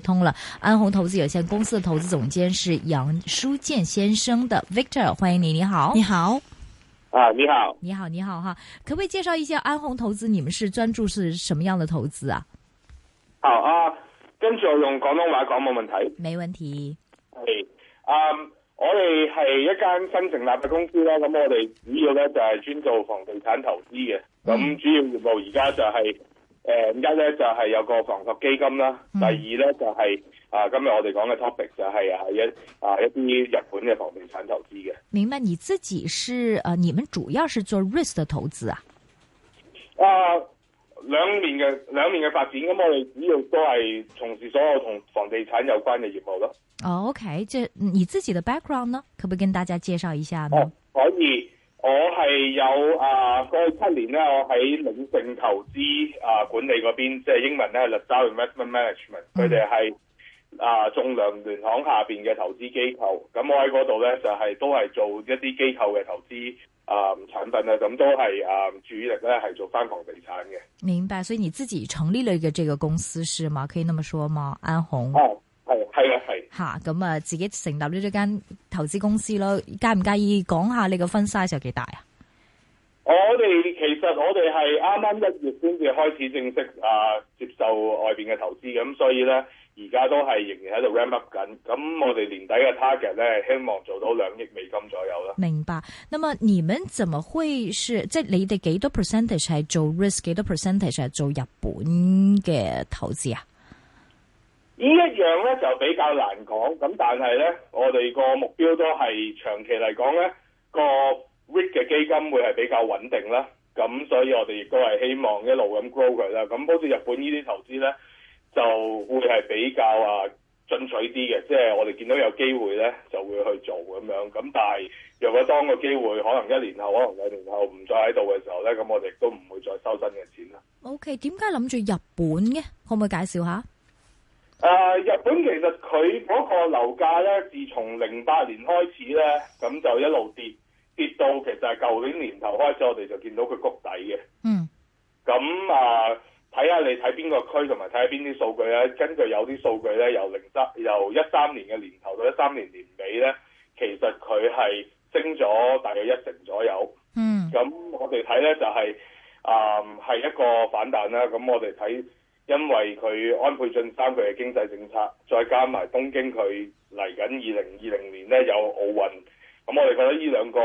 通了，安泓投資有限公司的投資總監是楊書健先生的 Victor，歡迎你，你好，你好，啊，你好，你好，你好哈，可不可以介紹一下安泓投資？你們是專注是什麼樣的投資啊？好、哦、啊，跟住我用廣東話講冇問題，沒問題。係啊，um, 我哋係一間新成立嘅公司啦，咁我哋主要咧就係專做房地產投資嘅，咁主要業務而家就係、是。誒，一咧就係有個房託基金啦，第二咧就係啊，今日我哋講嘅 topic 就係啊一啊一啲日本嘅房地產投資嘅。明白，你自己是誒，你們主要是做 risk 投資啊？誒，兩面嘅兩面嘅發展，咁我哋主要都係從事所有同房地產有關嘅業務咯。OK，即係你自己的 background 呢？可唔可以跟大家介紹一下呢？可以我係有啊，過去七年咧，我喺領盛投資啊管理嗰邊，即係英文咧，係 Lazard Investment Management，佢哋係啊仲量聯行下邊嘅投資機構。咁我喺嗰度咧，就係都係做一啲機構嘅投資啊產品咧，咁都係啊主力咧係做翻房地產嘅。明白，所以你自己成立了一個這個公司是嗎？可以那麼說嗎，安泓？哦，係係啊。吓咁啊！自己成立咗一間投資公司咯，介唔介意講下你個分 size 有幾大啊？我哋其實我哋係啱啱一月先至開始正式啊接受外邊嘅投資，咁所以咧而家都係仍然喺度 ramp up 緊。咁我哋年底嘅 target 咧，希望做到兩億美金左右啦。明白。那麼你們怎麼會是即係你哋幾多 percentage 係做 risk，幾多 percentage 係做日本嘅投資啊？呢一樣咧就比較難講，咁但係咧，我哋個目標都係長期嚟講咧，個瑞嘅基金會係比較穩定啦。咁所以我哋亦都係希望一路咁 grow 佢啦。咁好似日本呢啲投資咧，就會係比較啊進取啲嘅，即係我哋見到有機會咧就會去做咁樣。咁但係，若果當個機會可能一年後、可能兩年後唔再喺度嘅時候咧，咁我哋亦都唔會再收新嘅錢啦。OK，點解諗住日本嘅？可唔可以介紹下？誒，uh, 日本其實佢嗰個樓價咧，自從零八年開始咧，咁就一路跌跌到，其實係舊年年頭開始，我哋就見到佢谷底嘅。嗯、mm.。咁啊，睇下你睇邊個區，同埋睇下邊啲數據咧。根據有啲數據咧，由零三、由一三年嘅年頭到一三年年尾咧，其實佢係升咗大約一成左右。嗯、mm.。咁我哋睇咧就係、是、啊，係、呃、一個反彈啦。咁我哋睇。因為佢安倍晉三佢嘅經濟政策，再加埋東京佢嚟緊二零二零年呢，有奧運，咁我哋覺得呢兩個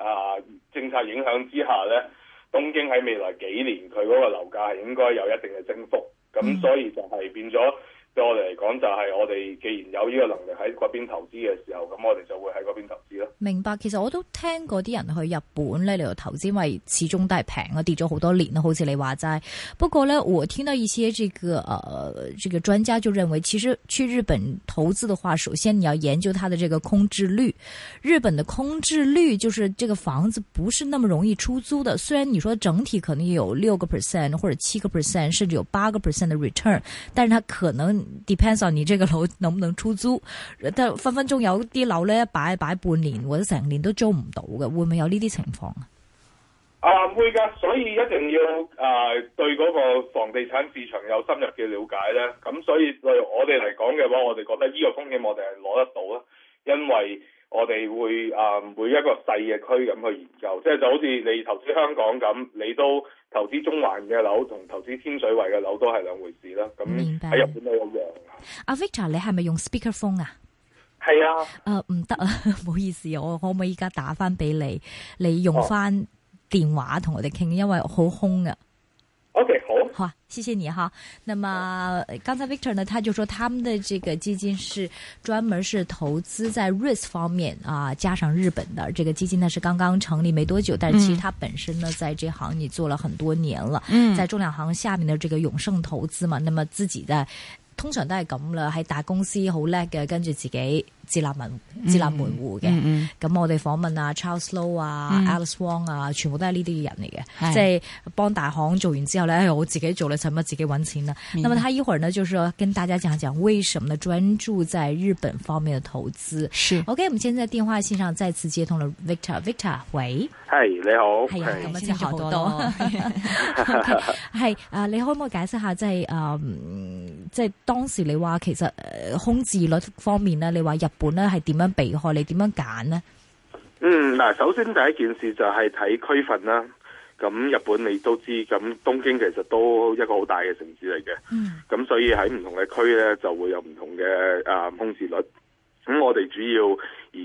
啊政策影響之下呢，東京喺未來幾年佢嗰個樓價係應該有一定嘅增幅，咁所以就係變咗。對我嚟講就係我哋既然有呢個能力喺嗰邊投資嘅時候，咁我哋就會喺嗰邊投資咯。明白，其實我都聽過啲人去日本咧嚟投資，因為始終都係平啊，跌咗好多年啦。好似你話齋，不過咧，我聽到一些這個誒，呃這個專家就認為，其實去日本投資嘅話，首先你要研究它的這個空置率。日本的空置率就是這個房子不是那麼容易出租的。雖然你說整體可能有六個 percent 或者七個 percent，甚至有八個 percent 的 return，但是它可能。Depends on 你呢個樓能唔能出租，得分分鐘有啲樓咧一擺擺半年或者成年都租唔到嘅，會唔會有呢啲情況啊？啊、嗯，會噶，所以一定要誒、呃、對嗰個房地產市場有深入嘅了解咧。咁所以對我哋嚟講嘅話，我哋覺得呢個風險我哋係攞得到啦，因為我哋會誒、呃、每一個細嘅區咁去研究，即、就、係、是、就好似你投資香港咁，你都。投資中環嘅樓同投資天水圍嘅樓都係兩回事啦。咁喺日本都一樣啊。阿 Victor，你係咪用 Speakerphone 啊？係啊。誒、呃，唔得啊，唔好意思，我可唔可以依家打翻俾你？你用翻電話同我哋傾，哦、因為好空噶、啊。好，謝謝你哈。那麼剛才 Victor 呢，他就說他們的這個基金是專門是投資在瑞士方面啊，加上日本的這個基金呢，是剛剛成立沒多久。但是其實他本身呢，在這行你做了很多年了，在中兩行下面的這個永盛投資嘛。那麼自己在通常都係咁啦，喺大公司好叻嘅，跟住自己。自立門自立門戶嘅，咁我哋訪問啊 Charles Low 啊，Alice Wong 啊，全部都係呢啲人嚟嘅，即係幫大行做完之後咧，哎我自己做咧，使乜自己揾錢啦。咁麼他一會兒呢，就是跟大家講講為什麼呢，專注在日本方面嘅投資。OK，我們現在電話線上再次接通了 Victor，Victor，喂，係你好，係咁啊，先好多多，係啊，你可唔可以解釋下，即係啊，即係當時你話其實空置率方面呢，你話日本。本咧，係點樣避開？你點樣揀呢？嗯，嗱，首先第一件事就係睇區份啦。咁日本你都知，咁東京其實都一個好大嘅城市嚟嘅。嗯。咁所以喺唔同嘅區呢，就會有唔同嘅啊、嗯、空置率。咁我哋主要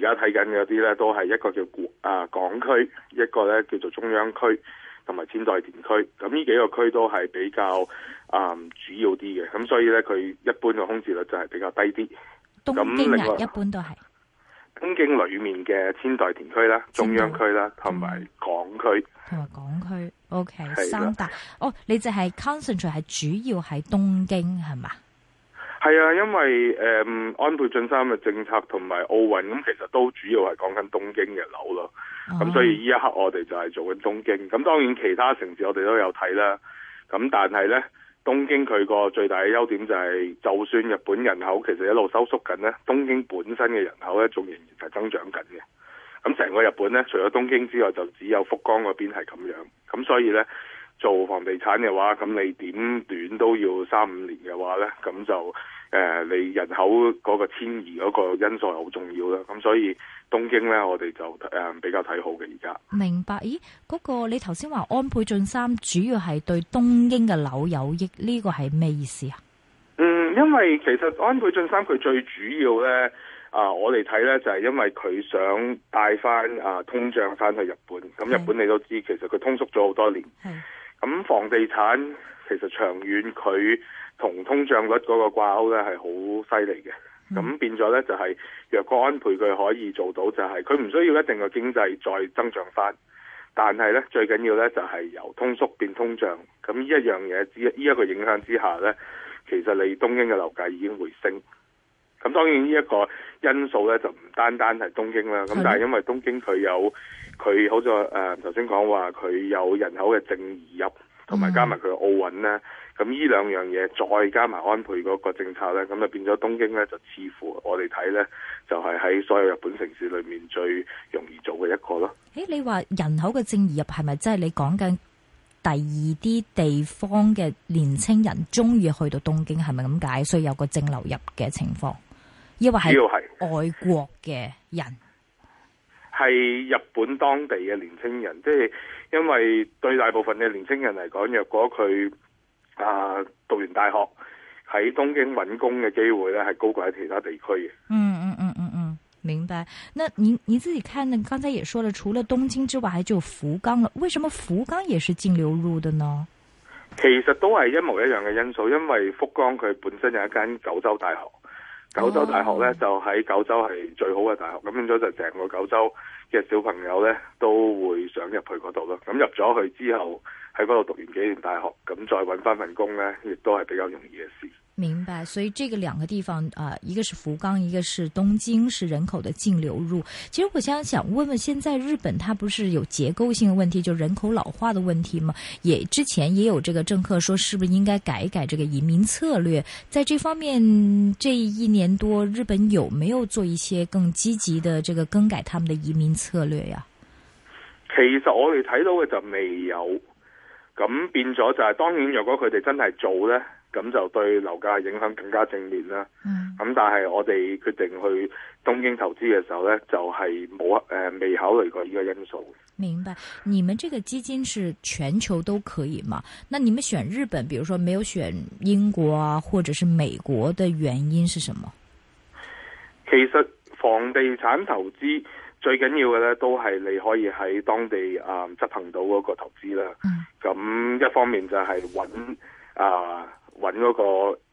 而家睇緊嗰啲呢，都係一個叫啊港區，一個呢叫做中央區，同埋千代田區。咁呢幾個區都係比較啊、嗯、主要啲嘅。咁所以呢，佢一般嘅空置率就係比較低啲。東京人、啊、一般都係東京裡面嘅千代田區啦、中央區啦，同埋中港區。同埋港區，OK，的三笪。哦，你就係 concentrate 係主要喺東京係嘛？係啊，因為誒、嗯、安倍晉三嘅政策同埋奧運咁，其實都主要係講緊東京嘅樓咯。咁、啊、所以呢一刻我哋就係做緊東京。咁當然其他城市我哋都有睇啦。咁但係咧。東京佢個最大嘅優點就係、是，就算日本人口其實一路收縮緊呢，東京本身嘅人口呢，仲仍然係增長緊嘅。咁成個日本呢，除咗東京之外，就只有福岡嗰邊係咁樣。咁所以呢，做房地產嘅話，咁你點短都要三五年嘅話呢，咁就。誒、呃，你人口嗰個遷移嗰個因素係好重要啦，咁所以東京呢，我哋就誒、呃、比較睇好嘅而家。明白？咦，嗰、那個你頭先話安倍晉三主要係對東京嘅樓有益，呢個係咩意思啊？嗯，因為其實安倍晉三佢最主要呢，啊，我哋睇呢就係、是、因為佢想帶翻啊通脹翻去日本，咁日本你都知的其實佢通縮咗好多年，咁的房地產其實長遠佢。同通脹率嗰個掛鈎咧係好犀利嘅，咁變咗咧就係若果安倍佢可以做到，就係佢唔需要一定嘅經濟再增長返，但係咧最緊要咧就係由通縮變通脹，咁呢一樣嘢之呢一個影響之下咧，其實你東京嘅樓價已經回升。咁當然呢一個因素咧就唔單單係東京啦，咁的但係因為東京佢有佢好似誒頭先講話佢有人口嘅淨流入。同埋加埋佢奧運咧，咁呢兩樣嘢再加埋安倍嗰個政策咧，咁就變咗東京咧，就似乎我哋睇咧，就係喺所有日本城市裏面最容易做嘅一個咯。誒，你話人口嘅正移入係咪即係你講緊第二啲地方嘅年青人中意去到東京係咪咁解？所以有個正流入嘅情況，亦或係外國嘅人。係日本當地嘅年輕人，即係因為對大部分嘅年輕人嚟講，若果佢啊、呃、讀完大學喺東京揾工嘅機會咧，係高過喺其他地區嘅，嗯。嗯嗯嗯嗯嗯，明白。那你你，你自己看，呢剛才也說了，除了東京之外，還就福岡啦。為什麼福岡也是淨流入的呢？其實都係一模一樣嘅因素，因為福岡佢本身有一間九州大學。九州大學咧就喺九州係最好嘅大學，咁變咗就成個九州嘅小朋友咧都會想入去嗰度咯。咁入咗去之後喺嗰度讀完幾年大學，咁再搵翻份工咧亦都係比較容易嘅事。明白，所以這個兩個地方啊、呃，一個是福岡，一個是東京，是人口的淨流入。其實我想想問問，現在日本它不是有結構性的問題，就人口老化的問題嗎？也之前也有這個政客說，是不是應該改一改這個移民策略？在這方面，這一年多，日本有沒有做一些更積極的這個更改他們的移民策略呀、啊？其實我哋睇到嘅就未有，咁變咗就係、是，當然若果佢哋真係做咧。咁就對樓價影響更加正面啦。嗯。咁但係我哋決定去東京投資嘅時候呢，就係冇誒、未考慮過呢個因素。明白，你們這個基金是全球都可以嘛？那你們選日本，比如說沒有選英國啊，或者是美國的原因是什麼？其實房地產投資最緊要嘅呢，都係你可以喺當地啊、呃、執行到嗰個投資啦。嗯。咁一方面就係穩啊。呃揾嗰個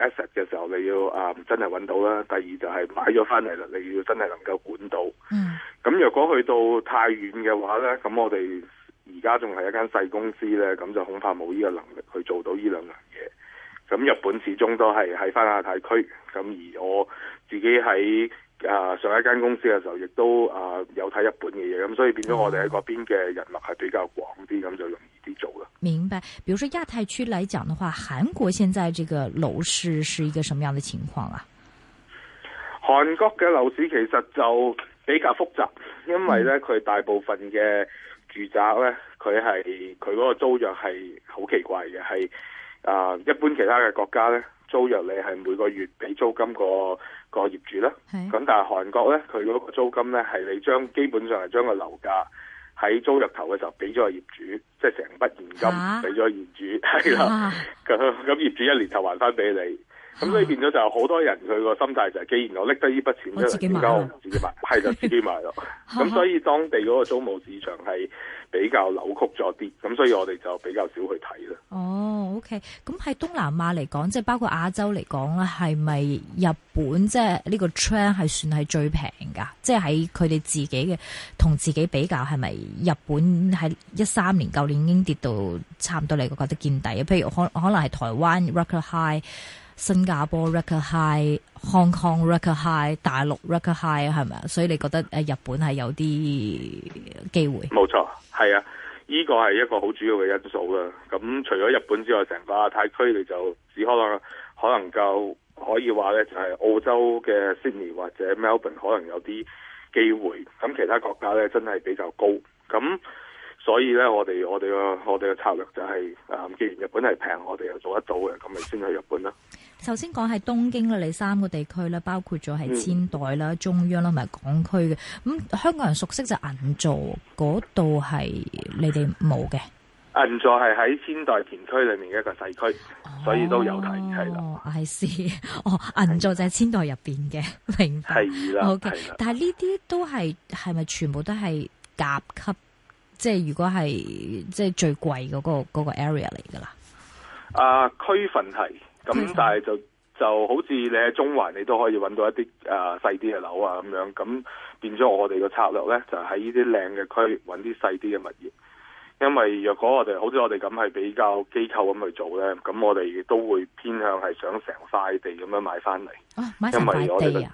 asset 嘅時候，你要啊、嗯、真係揾到啦。第二就係買咗翻嚟啦，你要真係能夠管到。嗯。咁若果去到太遠嘅話呢，咁我哋而家仲係一間細公司呢，咁就恐怕冇呢個能力去做到呢兩樣嘢。咁日本始終都係喺翻亞太區，咁而我自己喺。啊！上一間公司嘅時候也，亦都啊有睇日本嘅嘢，咁所以變咗我哋喺嗰邊嘅人脈係比較廣啲，咁、哦、就容易啲做啦。明白。比如說亞太區嚟講嘅話，韓國現在這個樓市是一個什麼樣嘅情況啊？韓國嘅樓市其實就比較複雜，因為呢，佢大部分嘅住宅呢，佢係佢嗰個租約係好奇怪嘅，係。啊，uh, 一般其他嘅國家咧，租約你係每個月俾租金個個業主啦。咁的但係韓國咧，佢嗰個租金咧，係你將基本上係將個樓價喺租約頭嘅時候俾咗個業主，即係成筆現金俾咗業主，係啦。咁咁業主一年頭還翻俾你。咁所以變咗就好多人佢個心態就係，既然我拎得呢筆錢出嚟，咁我自己買係就自己買咯。咁所以當地嗰個租務市場係比較扭曲咗啲。咁所以我哋就比較少去睇啦。哦、oh，OK。咁喺東南亞嚟講，即係包括亞洲嚟講咧，係咪日本即係呢個 trend 係算係最平噶？即係喺佢哋自己嘅同自己比較，係咪日本喺一三年舊年已經跌到差唔多你覺得見底啊？譬如可可能係台灣 record high。新加坡 record high，Hong Kong record high，大陸 record high。係咪啊？所以你覺得誒，日本係有啲機會？冇錯，係啊，呢個係一個好主要嘅因素啦。咁除咗日本之外，成個亞太區，你就只可能可能夠可以話咧，就係澳洲嘅 Sydney 或者 Melbourne 可能有啲機會。咁其他國家咧，真係比較高。咁所以咧，我哋我哋嘅我哋嘅策略就係，啊，既然日本係平，我哋又做得到嘅，咁咪先去日本啦。首先講係東京啦，你三個地區包括咗係千代啦、嗯、中央啦，同埋港區嘅。咁香港人熟悉就銀座嗰度係你哋冇嘅。銀座係喺千代田區裏面嘅一個細區，哦、所以都有提係啦。是哦，銀座就係千代入邊嘅，明白。OK，但係呢啲都係係咪全部都係甲級？即、就、係、是、如果係即係最貴嗰、個嗰、個 area 嚟噶啦？啊，區份係。咁、嗯嗯、但係就就好似你喺中環，你都可以揾到一啲啊細啲嘅樓啊咁樣，咁變咗我哋個策略呢，就喺呢啲靚嘅區揾啲細啲嘅物業。因為若果我哋好似我哋咁係比較機構咁去做呢，咁我哋都會偏向係想成塊地咁樣買翻嚟，啊買成塊地啊、因為我哋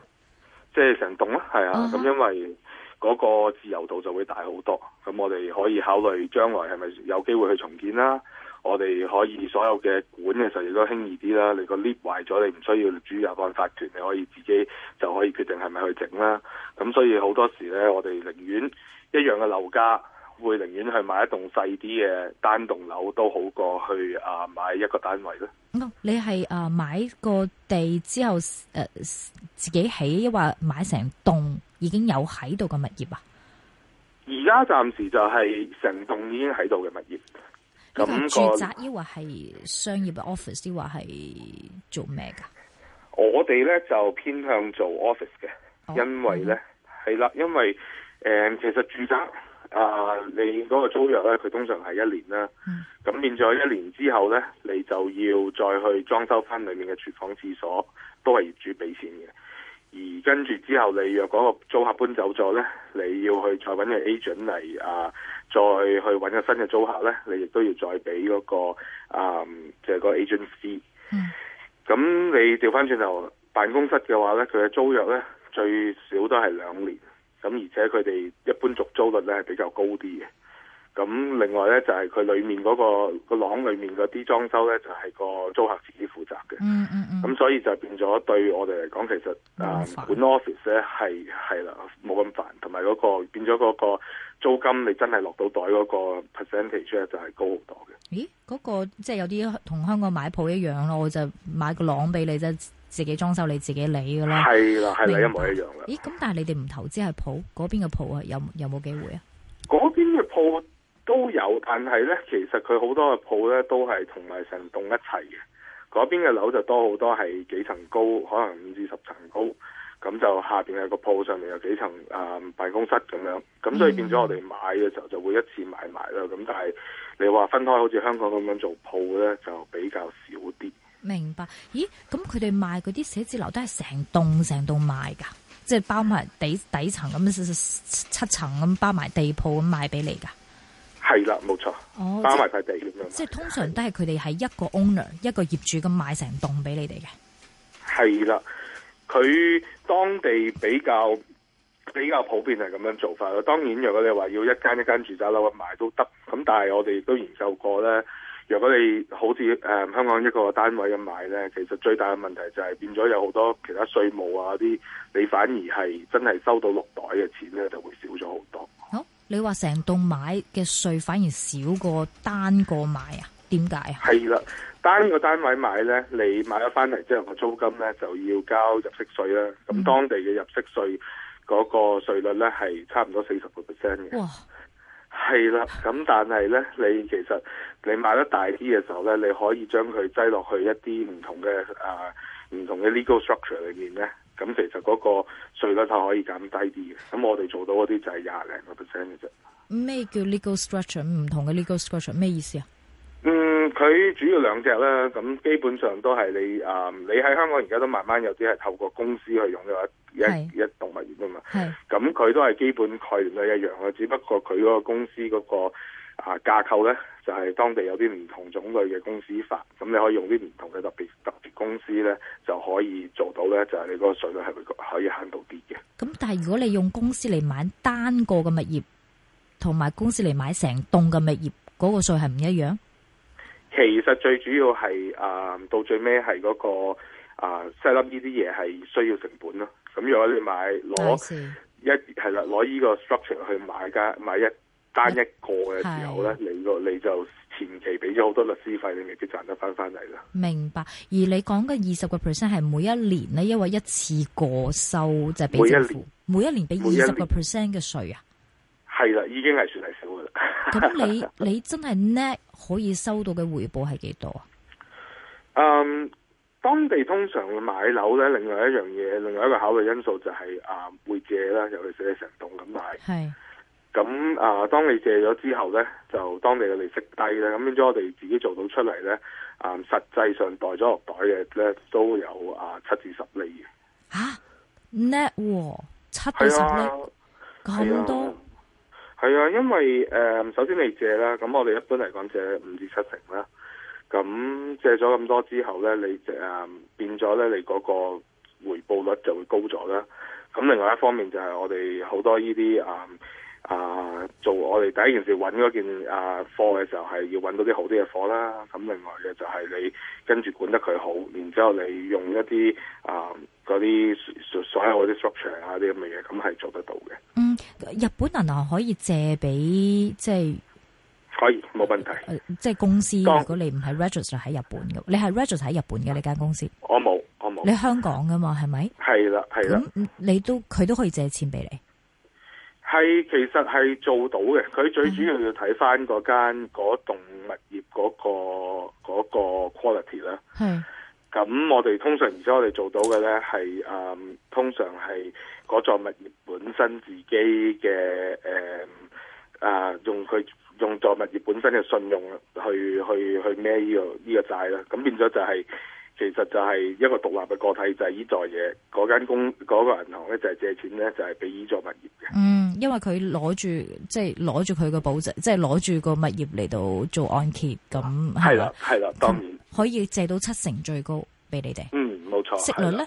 即係成棟啦，係、就是、啊，咁、啊啊、哈因為嗰個自由度就會大好多。咁我哋可以考慮將來係咪有機會去重建啦、啊。我哋可以所有嘅管嘅時候亦都輕易啲啦，你個 lift 壞咗，你唔需要主有辦法團，你可以自己就可以決定係咪去整啦。咁所以好多時咧，我哋寧願一樣嘅樓價，會寧願去買一棟細啲嘅單棟樓都好過去啊買一個單位咯。你係啊買個地之後誒自己起，或買成棟已經有喺度嘅物業啊？而家暫時就係成棟已經喺度嘅物業。咁、那個、住宅抑或係商業 office 抑或係做咩噶？我哋咧就偏向做 office，oh, 嘅，嗯，因為咧係啦，因為誒其實住宅啊，你嗰個租約咧，佢通常係一年啦。咁變咗一年之後咧，你就要再去裝修翻裏面嘅廚房、廁所，都係業主俾錢嘅。而跟住之後，你若嗰個租客搬走咗咧，你要去再搵個 agent 嚟啊。再去揾個新嘅租客呢，你亦都要再俾嗰個啊，即係個 agency。嗯。咁你調翻轉頭辦公室嘅話呢，佢嘅租約呢最少都係兩年，咁而且佢哋一般續租率呢係比較高啲嘅。咁另外咧，就係佢裏面嗰個個廊裏面嗰啲裝修咧，就係個租客自己負責嘅、嗯。嗯嗯嗯。咁所以就變咗對我哋嚟講，其實唔煩。本 office 咧，係係啦，冇咁煩，同埋嗰個變咗嗰個租金你真係落到袋嗰個 percentage 咧，就係高好多嘅。咦？嗰個即係有啲同香港買鋪一樣咯，我就買個廊俾你，就自己裝修你自己理嘅啦。係啦，係啦，一模一樣嘅。咦？咁但係你哋唔投資係鋪嗰邊嘅鋪啊？有有冇機會啊？嗰邊嘅鋪？都有，但係呢，其實佢好多嘅鋪呢，都係同埋成棟一齊嘅。嗰邊嘅樓就多好多，係幾層高，可能五至十層高。咁就下邊有個鋪，上面有幾層啊、呃、辦公室咁樣。咁所以變咗我哋買嘅時候就會一次買埋啦。咁、嗯、但係你話分開，好似香港咁樣做鋪呢，就比較少啲。明白？咦，咁佢哋賣嗰啲寫字樓都係成棟成棟賣㗎，即係包埋底底層咁七層咁包埋地鋪咁賣俾你㗎？包埋塊地咁樣，即係通常都係佢哋係一個 owner 一個業主咁買成棟俾你哋嘅。係啦，佢當地比較比較普遍係咁樣的做法咯。當然，如果你話要一間一間住宅樓咁買都得，咁但係我哋都研究過咧。如果你好似誒香港一個單位咁買咧，其實最大嘅問題就係變咗有好多其他稅務啊啲，你反而係真係收到落袋嘅錢咧，就會少咗好多。你話成棟買嘅稅反而少過單個買啊？點解啊？係啦，單個單位買呢，你買咗翻嚟之後個租金呢就要交入息稅啦。咁當地嘅入息稅嗰個稅率呢，係差唔多四十個 percent 嘅。哇！係啦，咁但係呢，你其實你買得大啲嘅時候呢，你可以將佢擠落去一啲唔同嘅、啊、唔同嘅 legal structure 裏面呢。咁其實嗰個稅率就可以減低啲嘅，咁我哋做到嗰啲就係廿零個 percent 嘅啫。咩叫 legal structure？唔同嘅 legal structure 咩意思啊？嗯，佢主要兩隻啦，咁基本上都係你啊、嗯，你喺香港而家都慢慢有啲係透過公司去擁有一是一動物園啊嘛。咁佢是都係基本概念都一樣嘅，只不過佢嗰個公司嗰、嗰個啊架構咧。就係當地有啲唔同種類嘅公司法，咁你可以用啲唔同嘅特別特別公司咧，就可以做到咧，就係、是、你個稅率係會可以慳到啲嘅。咁但係如果你用公司嚟買單個嘅物業，同埋公司嚟買成棟嘅物業，嗰、那個稅係唔一樣。其實最主要係啊，到最尾係嗰個啊 set up 呢啲嘢係需要成本咯。咁如果你買攞是一係啦，攞呢個 structure 去買嘅買一。單一個嘅時候咧，你個是你就前期俾咗好多律師費，你未必賺得翻翻嚟啦。明白，而你講嘅二十個 percent 係每一年咧，因為一次過收就俾政府，每一年俾二十個 percent 嘅稅啊。係啦，已經係算係少噶啦。咁 你你真係 net 可以收到嘅回報係幾多啊？嗯，當地通常買樓咧，另外一樣嘢，另外一個考慮因素就係、是、啊、呃，會借啦，尤其是成棟咁買。係。咁啊，當你借咗之後咧，就當你嘅利息低咧，咁變咗我哋自己做到出嚟咧，啊、嗯，實際上了袋咗落袋嘅咧都有啊，七至十厘嘅嚇，叻喎，啊，七到十厘咁多，係啊，啊，因為誒、嗯、首先你借啦，咁我哋一般嚟講借五至七成啦，咁借咗咁多之後咧，你誒變咗咧，你嗰個回報率就會高咗啦。咁另外一方面就係我哋好多依啲啊。嗯啊！做我哋第一件事揾嗰件啊貨嘅時候係要揾到啲好啲嘅貨啦。咁另外嘅就係你跟住管得佢好，然之後你用一啲啊嗰啲所有嗰啲 structure 啊啲咁嘅嘢，咁係做得到嘅。嗯，日本銀行可以借俾即係可以冇問題。即係、呃就是、公司，那如果你唔係 register 喺日本嘅那，你係 register 喺日本嘅呢間公司。我冇，我冇。你香港噶嘛？係咪？係啦，係啦。咁你都佢都可以借錢俾你。係，其實係做到嘅。佢最主要要睇翻嗰間、嗰棟物業嗰個嗰個 quality 啦。係。咁我哋通常，而且我哋做到嘅咧，係誒、嗯，通常係嗰座物業本身自己嘅誒、嗯、啊，用佢用座物業本身嘅信用去去去孭呢個呢個債啦。咁變咗就係，其實就係一個獨立嘅個體，就係呢座嘢，嗰間公嗰個銀行咧就係借錢咧就係俾呢座物業嘅。嗯。因為佢攞住即係攞住佢個保值，即係攞住個物業嚟到做按揭咁係啦，係啦，當然可以借到七成最高俾你哋。嗯，冇錯。息率咧？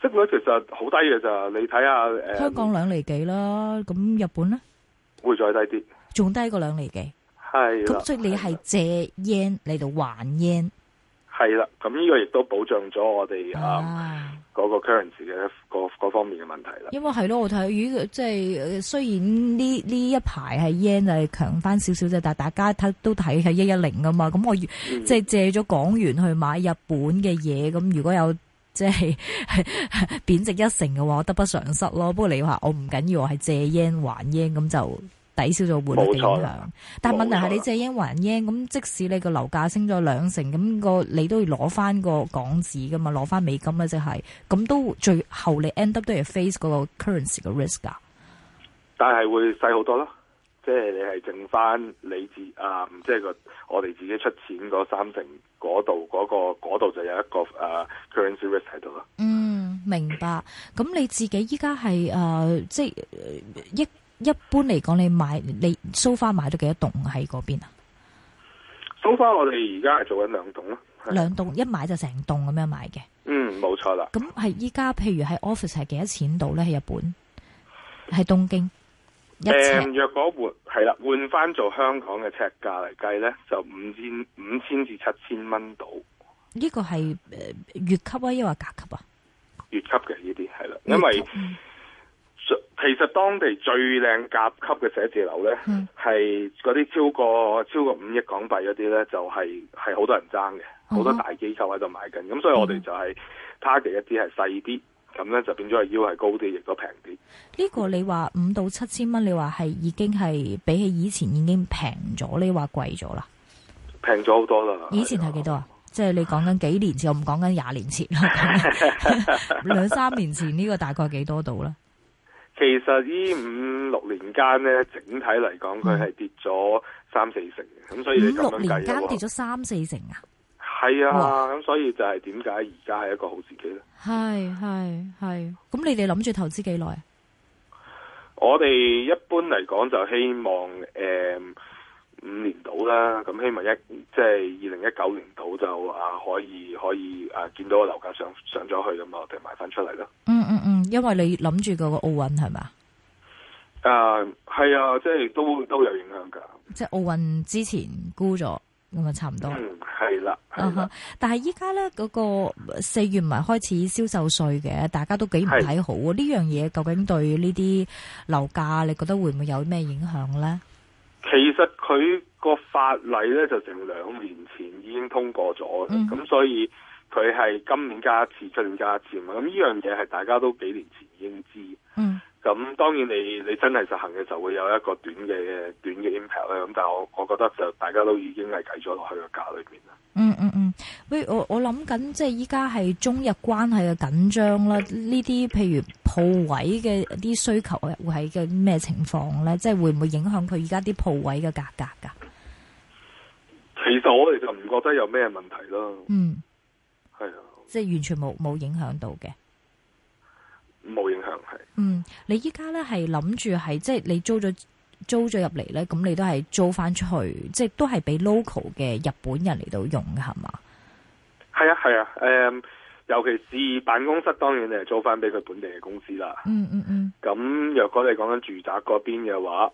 息率其實好低嘅咋。你睇下誒，呃、香港兩厘幾啦，咁日本咧會再低啲，仲低過兩厘幾。係咁即係你係借 yen 嚟到還 yen。係啦，咁呢個亦都保障咗我哋啊嗰、嗯嗰個 currency 嘅各方面嘅問題啦。因為係咯，我睇，如即係雖然呢呢一排係 yen 係強翻少少啫，但係大家睇都睇係一一零㗎嘛。咁我、嗯、即係借咗港元去買日本嘅嘢，咁如果有即係貶值一成嘅話，我得不償失咯。不過你話我唔緊要，我係借 yen 還 yen 咁就。抵消咗匯率影響，冇錯，但係問題係你借圓還圓，咁即使你個樓價升咗兩成，咁個你都要攞翻個港紙噶嘛，攞翻美金咧、就是，即係咁都最後你 end up 都係 face 嗰個 currency 嘅 risk 噶。但係會細好多咯，即係你係剩翻你自啊、嗯，即係個我哋自己出錢嗰三成嗰度嗰度就有一個啊、uh, currency risk 喺度咯。嗯，明白。咁你自己依家係誒，即係、呃、一。一般嚟講，你、so、買你蘇花買咗幾多棟喺嗰邊啊？蘇花，我哋而家係做緊兩棟咯。兩棟一買就成棟咁樣買嘅。嗯，冇錯啦。咁係依家，譬如喺 office 係幾多錢度咧？喺日本，喺東京。誒、嗯，若果呎換係啦，換翻做香港嘅尺價嚟計咧，就五千五千至七千蚊度。呢個係誒乙級啊，抑或甲級啊？乙級嘅呢啲係啦，級因為。嗯其實當地最靚甲級嘅寫字樓咧，係嗰啲超過超過五億港幣嗰啲咧，就係係好多人爭嘅，好、嗯、哼多大機構喺度買緊。咁所以我哋就係 target 一啲係細啲，咁咧就變咗係腰係高啲，亦都平啲。呢個你話五到七千蚊，你話係已經係比起以前已經平咗，你話貴咗啦？平咗好多啦！以前係幾多啊？是的即係你講緊幾年前，我唔講緊廿年前，兩 三年前呢個大概幾多度啦？其實呢五六年間呢，整體嚟講，佢係跌咗三四成，咁所以你咁樣計啊，五六年間跌咗三四成啊，係啊，咁、啊、所以就係點解而家係一個好時機咧？係係係，咁你哋諗住投資幾耐？我哋一般嚟講就希望誒。嗯五年度啦，咁希望一即係二零一九年度就啊，可以可以啊，見到個樓價上上咗去，咁我哋埋翻出嚟咯。嗯嗯嗯，因為你諗住個奧運係咪？誒，係啊，即係、啊就是、都都有影響噶。即係奧運之前沽咗，咁啊差唔多。嗯，係啦、啊。但係依家咧嗰個四月唔係開始銷售稅嘅，大家都幾唔睇好喎。呢是樣嘢究竟對呢啲樓價你覺得會唔會有咩影響咧？其實佢個法例咧就成兩年前已經通過咗，咁、嗯、所以佢係今年加一次，出年加一次啊！咁呢樣嘢係大家都幾年前已經知。嗯咁當然你，你你真係實行嘅就會有一個短嘅短嘅 impact 啦。咁但係我我覺得就大家都已經係計咗落去個價裏邊啦、嗯。嗯嗯嗯，喂我我諗緊，即係依家係中日關係嘅緊張啦，呢啲譬如鋪位嘅啲需求會喺嘅咩情況咧？即係會唔會影響佢而家啲鋪位嘅價格噶？其實我哋就唔覺得有咩問題咯。嗯，係啊的，即係完全冇冇影響到嘅，冇影響係。嗯，你依家咧係諗住係即係你租咗租咗入嚟咧，咁你都係租翻出去，即係都係俾 local 嘅日本人嚟到用嘅係嘛？係啊係啊，誒、呃，尤其是辦公室，當然你係租翻俾佢本地嘅公司啦。嗯嗯嗯。咁若果你講緊住宅嗰邊嘅話，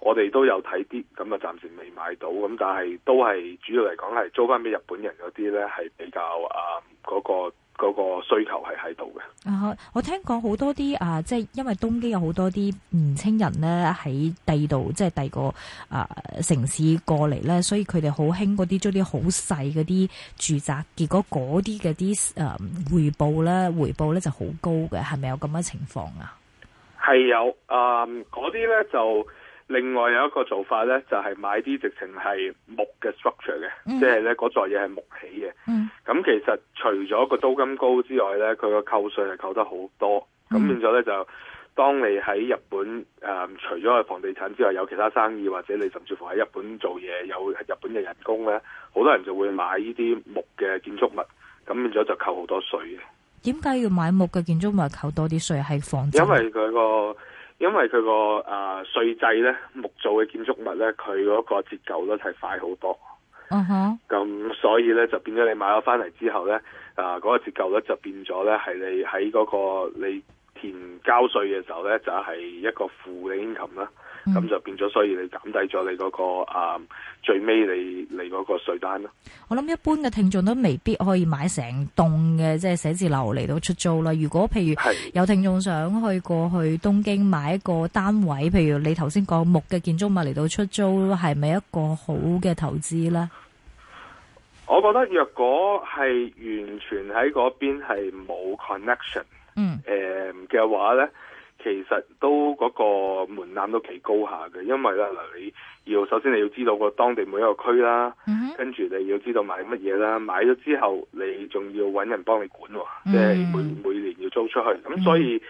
我哋都有睇啲，咁啊暫時未買到，咁但係都係主要嚟講係租翻俾日本人嗰啲咧，係比較啊嗰、呃嗰個。嗰個需求係喺度嘅。啊，我聽講好多啲啊，即係因為東京有好多啲年青人咧喺第二度，即係第二個啊城市過嚟咧，所以佢哋好興嗰啲租啲好細嗰啲住宅，結果嗰啲嘅啲啊回報咧，回報咧就好高嘅，係咪有咁嘅情況是啊？係有啊，嗰啲咧就。另外有一個做法咧，就係、是、買啲直情係木嘅 structure 嘅，嗯、即係咧嗰座嘢係木起嘅。咁、嗯、其實除咗個租金高之外咧，佢個扣稅係扣得好多。咁變咗咧就，當你喺日本、呃、除咗係房地產之外，有其他生意或者你甚至乎喺日本做嘢有日本嘅人工咧，好多人就會買呢啲木嘅建築物，咁變咗就扣好多稅嘅。點解要買木嘅建築物扣多啲稅？係房因為佢個。因為佢個誒稅制咧，木造嘅建築物咧，佢嗰個折舊率係快好多。Uh huh. 嗯哼，咁所以咧就變咗你買咗翻嚟之後咧，啊、那、嗰個折舊率就變咗咧，係你喺嗰個你填交稅嘅時候咧，就係、是、一個負嘅 income 啦。咁就變咗，所以你減低咗你嗰個啊，嗯，最尾你你嗰個稅單咯。我諗一般嘅聽眾都未必可以買成棟嘅，即係寫字樓嚟到出租啦。如果譬如有聽眾想去過去東京買一個單位，譬如你頭先講木嘅建築物嚟到出租，係咪一個好嘅投資呢？我覺得若果係完全喺嗰邊係冇 connection，嗯，嘅話呢。其實都嗰個門檻都幾高下嘅，因為咧嗱，你要首先你要知道個當地每一個區啦，mm hmm. 跟住你要知道買乜嘢啦，買咗之後你仲要揾人幫你管喎，mm hmm. 即係每每年要租出去。咁所以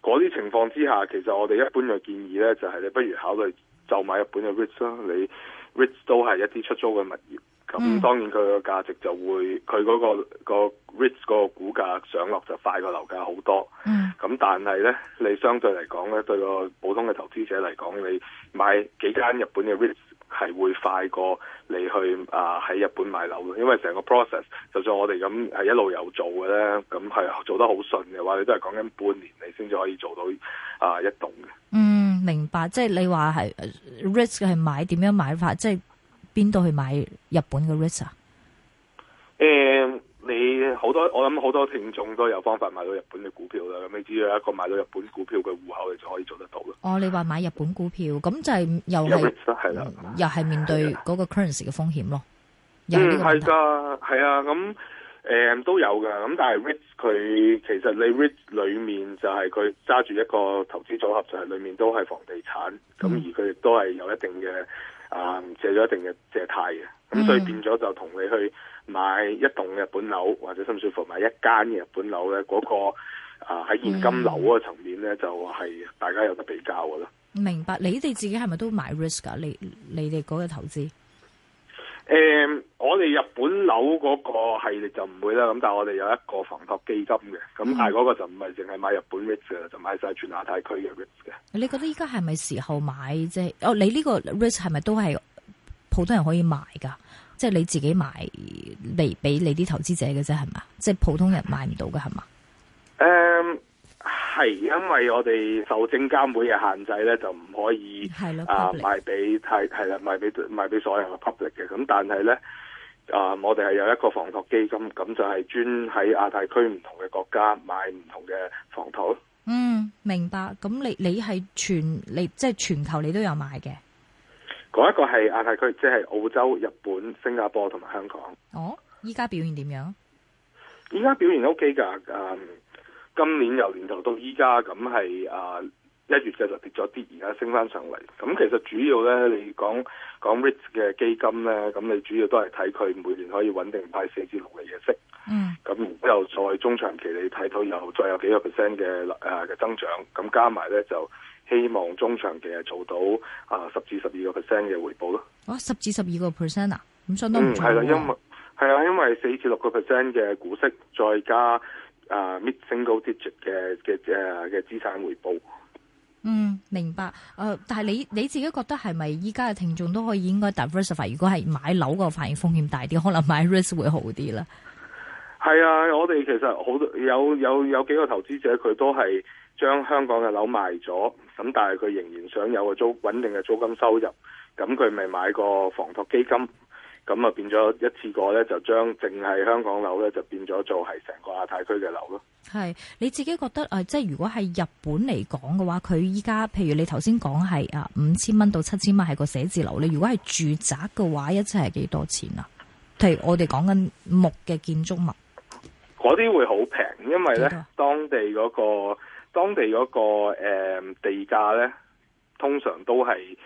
嗰啲情況之下，其實我哋一般嘅建議呢就係你不如考慮就買日本嘅 REITs 啦。你 REITs 都係一啲出租嘅物業，咁當然佢個價值就會佢嗰、嗰個個 REITs 嗰個股價上落就快過樓價好多。Mm hmm. 咁但係咧，你相對嚟講咧，對個普通嘅投資者嚟講，你買幾間日本嘅 REIT 係會快過你去啊喺日本買樓咯，因為成個 process，就算我哋咁係一路有做嘅咧，咁、嗯、係做得好順嘅話，你都係講緊半年你先至可以做到啊一棟嘅。嗯，明白，即係你話係 REIT 嘅係買點樣買法，即係邊度去買日本嘅 REIT 啊？誒。你好多，我諗好多聽眾都有方法買到日本嘅股票啦。咁你只要一個買到日本股票嘅戶口，你就可以做得到啦。哦，你話買日本股票，咁就係又係，係啦，又係面對嗰個 currency 嘅風險咯。嗯，係噶，係啊的，咁誒、嗯嗯嗯、都有嘅。咁但係 REIT 佢其實你 REIT 裏面就係佢揸住一個投資組合，就係裏面都係房地產。咁、嗯、而佢亦都係有一定嘅啊、嗯、借咗一定嘅借貸嘅。咁所以變咗就同你去。嗯買一棟日本樓或者甚至乎買一間日本樓咧，嗰、那個啊喺現金流嗰層面咧，嗯、就係大家有得比較噶啦。明白，你哋自己係咪都買 risk 噶？你你哋嗰個投資？誒、嗯，我哋日本樓嗰個系列就唔會啦，咁但係我哋有一個房託基金嘅，咁、嗯、但係嗰個就唔係淨係買日本 risk 嘅，就買晒全亞太區嘅 risk 嘅。你覺得依家係咪時候買啫？哦，你呢個 risk 係咪都係普通人可以買噶？即係你自己買嚟俾你啲投資者嘅啫，係嘛？即係普通人買唔到嘅，係嘛？誒、um，係因為我哋受證監會嘅限制咧，就唔可以係咯的啊 public 賣俾係係啦，賣俾賣俾所有嘅 public 嘅。咁但係咧啊，我哋係有一個房託基金，咁就係專喺亞太區唔同嘅國家買唔同嘅房託。嗯，明白。咁你你係全你即係、就是、全球你都有買嘅。同一個係亞太區，即係澳洲、日本、新加坡同埋香港。哦，依家表現點樣？依家表現 OK 噶、嗯。今年由年頭到依家咁，係一月嘅就跌咗啲，而家升翻上嚟。咁、嗯、其實主要咧，你講講 REIT 嘅基金咧，咁你主要都係睇佢每年可以穩定派四至六嘅息。嗯。咁然之後再中長期你，你睇到又再有幾個 percent 嘅，誒嘅增長，咁加埋咧就。希望中長期係做到啊十至十二個 percent 嘅回報咯、嗯。哦，十至十二個 percent 啊，咁相當唔錯係係啦。因為係啊，因為四至六個 percent 嘅股息，再加啊 mid，uh, single digit 嘅嘅嘅嘅資產回報。嗯，明白。誒、呃，但係你你自己覺得係咪依家嘅聽眾都可以應該 diversify？如果係買樓個反而風險大啲，可能買 risk 會好啲啦。係啊，我哋其實好有有有，有幾個投資者佢都係將香港嘅樓賣咗。咁但係佢仍然想有個租穩定嘅租金收入，咁佢咪買個房託基金，咁啊變咗一次過咧就將淨係香港樓咧就變咗做係成個亞太區嘅樓咯。係你自己覺得，即係如果係日本嚟講嘅話，佢依家譬如你頭先講係啊五千蚊到七千蚊係個寫字樓，你如果係住宅嘅話，一次係幾多錢啊？譬如我哋講緊木嘅建築物，嗰啲會好平，因為咧少當地嗰、那個。當地嗰、那個誒、嗯、地價咧，通常都係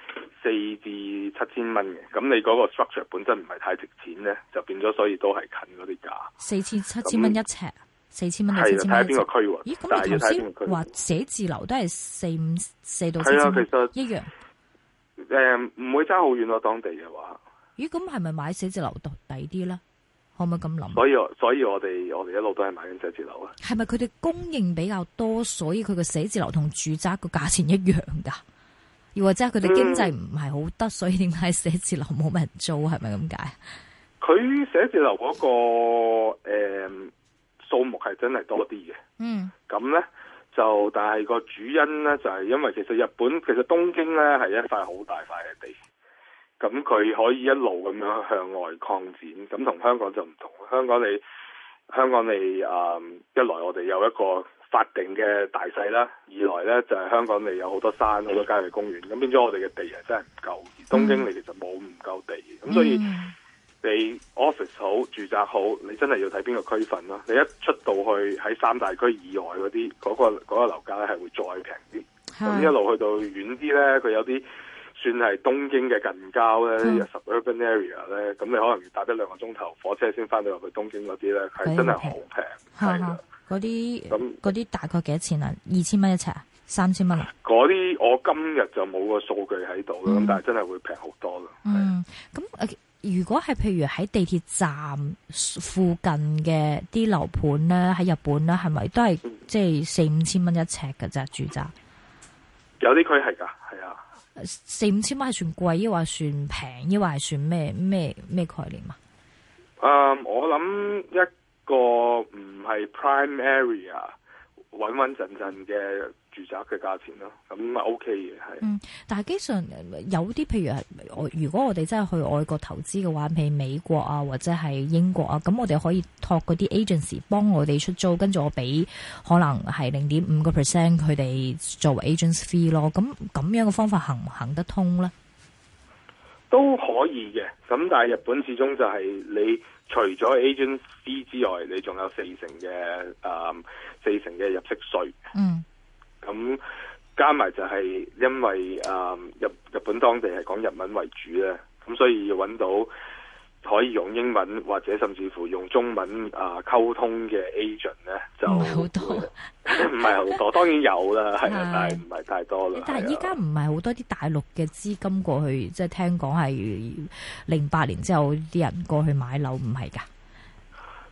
四至七千蚊嘅。咁你嗰個 structure 本身唔係太值錢咧，就變咗所以都係近嗰啲價。四千七千蚊一尺，四千蚊定七千蚊？喺邊個區域？咦，咁你頭先話寫字樓都係四五四到4，係啊，其實，一樣。誒，唔、呃、會差好遠咯，當地嘅話。咦，咁係咪買寫字樓度抵啲咧？可唔可以咁諗？所以，所以我哋我哋一路都係買緊寫字樓啊。係咪佢哋供應比較多，所以佢個寫字樓同住宅個價錢一樣噶？又或者佢哋經濟唔係好得，嗯、所以點解寫字樓冇乜人租？係咪咁解？佢寫字樓嗰、個誒數、呃、目係真係多啲嘅。嗯，咁咧就但係個主因咧就係、是、因為其實日本其實東京咧係一塊好大塊嘅地。咁佢可以一路咁樣向外擴展，咁同香港就唔同。香港你香港你、嗯、一來我哋有一個法定嘅大細啦，二來呢就係、係、香港你有好多山、好、嗯、多郊野公園。咁變咗我哋嘅地啊，真係唔夠。東京你哋就冇唔夠地，咁所以你 office 好、住宅好，你真係要睇邊個區份啦，你一出到去喺三大區以外嗰啲，嗰、嗰個嗰、嗰個樓價咧係會再平啲。咁、嗯、一路去到遠啲呢，佢有啲。算係東京嘅近郊咧，suburban area 咧，咁的你可能要搭一兩個鐘頭火車先翻到入去東京嗰啲咧，係真係好平。嚇的，嗰啲咁嗰啲大概幾多錢啊？二千蚊一尺，三千蚊。嗰啲我今日就冇個數據喺度啦，咁但係真係會平好多咯。嗯，咁誒如果係譬如喺地鐵站附近嘅啲樓盤咧，喺日本咧，係咪都係即係四五千蚊一尺㗎咋？住宅有啲區係㗎，係啊。四五千蚊係算貴，抑或算平，抑或係算咩咩咩概念啊？誒，uh, 我諗一個唔係 primary 啊，穩穩陣陣嘅。住宅嘅價錢咯，咁啊 OK 嘅，係。嗯，但係基本上有啲譬如係外，如果我哋真係去外國投資嘅話，譬如美國啊或者係英國啊，咁我哋可以託嗰啲 agency 幫我哋出租，跟住我俾可能係零點五個 percent 佢哋作為 agency 咯。咁咁樣嘅方法行唔行得通咧？都可以嘅，咁但係日本始終就係你除咗 agency 之外，你仲有四成嘅誒四成嘅入息稅。嗯。咁加埋就係，因為誒日日本當地係講日文為主咧，咁所以要搵到可以用英文或者甚至乎用中文啊溝通嘅 agent 咧，就唔係好多，唔係好多，當然有啦，係 啊，但係唔係太多啦。啊，但係依家唔係好多啲大陸嘅資金過去，即係聽講係零八年之後啲人過去買樓，唔係噶？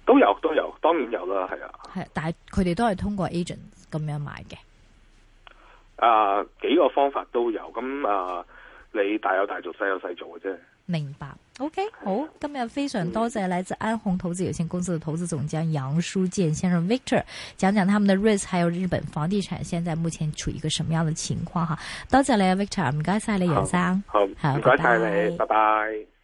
都有都有，當然有啦，係啊。係啊，但係佢哋都係通過 agent 咁樣買嘅。.啊，幾個方法都有，咁啊，你大有大做，細有細做嘅啫。明白，OK，好，今日非常多謝來自安泓投資有限公司的投資總監楊書健先生 Victor，講講他們的 risk，還有日本房地產現在目前處於一個什麼樣的情況哈？多謝你 Victor，唔該晒你好楊生，好唔該晒你，拜拜。拜拜。